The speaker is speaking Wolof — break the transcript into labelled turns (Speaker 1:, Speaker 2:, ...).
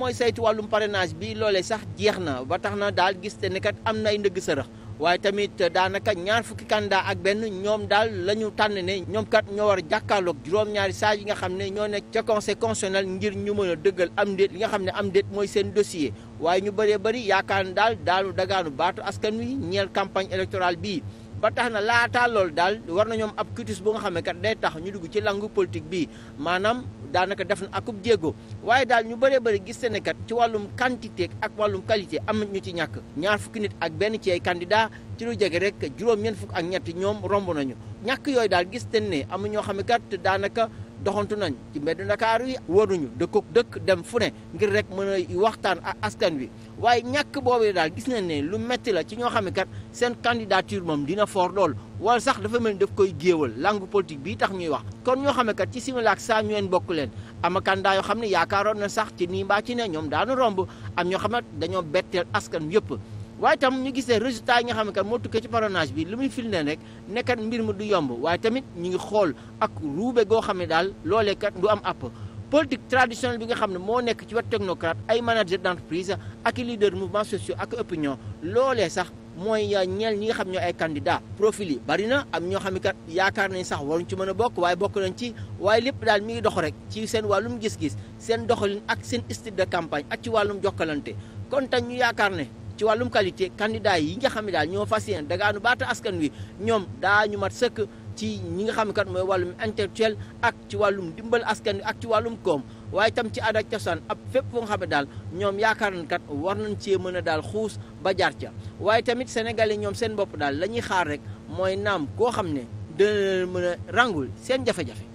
Speaker 1: mooy saytu wàllum parrainage bi loolee sax jeex na ba tax na daal gis te ne kat am na ay ndëgg sërëx waaye tamit daanaka ñaar fukki candidat ak benn ñoom daal la ñu tànn ne ñoom kat ñoo war a jàkkaarloog juróom-ñaari saa yi nga xam ne ñoo nekk ca conseil constitutionnel ngir ñu mën a dëggal am déet li nga xam ne am déet mooy seen dossier waaye ñu bëree bëri yaakaar daal daalu dagaanu baatu askan wi ñeel campagne électorale bii ba tax na laataa loolu daal war na ñoom ab cutis bu nga xam ne kat day tax ñu dugg ci langu politique bi maanaam daanaka def na akub jéego waaye daal ñu bëree bëri gis ne kat ci wàllum quantité ak wàllum qualité am ñu ci ñàkk ñaar fukki nit ak benn ci ay candidat ci lu jege rek juróom-ñeent fukk ak ñett ñoom romb nañu ñàkk yooyu daal gis ne am ñoo xam ne kat daanaka doxantu nañ ci mbedd Ndakaaru yi waruñu dëkk dëkk dem fu ne ngir rek mën a waxtaan ak askan wi waaye ñàkk boobu daal gis nañ ne lu metti la ci ñoo xam kat seen candidature moom dina foor lool wala sax dafa mel daf koy géewal langue politique bii tax ñuy wax kon ñoo xam ne kat ci simila ak saa ñu leen bokk leen ama candidat yoo xam ne yaakaaroon na sax ci nii baa ci ne ñoom daanu romb am ñoo xam ne dañoo betteel askan yëpp waaye tam ñu gisee résultat yi nga xam ne kat moo tukkee ci parrainage bi li muy firndeel rek nekkat mbir mu du yomb waaye tamit ñu ngi xool ak ruube goo xam ne daal loolee kat du am àpp politique traditionnelle bi nga xam ne moo nekk ci wet technocrate ay manager d'entreprise ak i leader mouvement sociaux ak ëpp opinion loolee sax mooy ñeel ñi nga xam ñoo ay candidat profil yi bari na am ñoo xam kat yaakaar nañ sax waruñ ci mën a bokk waaye bokk nañ ci waaye lépp daal mi ngi dox rek ci seen wàllum gis-gis seen doxalin ak seen style de campagne ak ci wàllum jokkalante kon ñu yaakaar ne ci wàllum qualité candidat yi nga xam ne daal ñoo fas yéene dagaanu baata askan wi ñoom daa ñu mat sëkk ci ñi nga xam kat mooy wàllum intellectuel ak ci wàllum dimbal askan wi ak ci wàllum koom waaye tam ci aada ak cosaan ab fépp foo nga xam ne daal ñoom yaakaar nañ kat war nañ cee mën a daal xuus ba jaar ca waaye tamit sénégalais ñoom seen bopp daal la ñuy xaar rek mooy naam koo xam ne dana mën a rangul seen jafe-jafe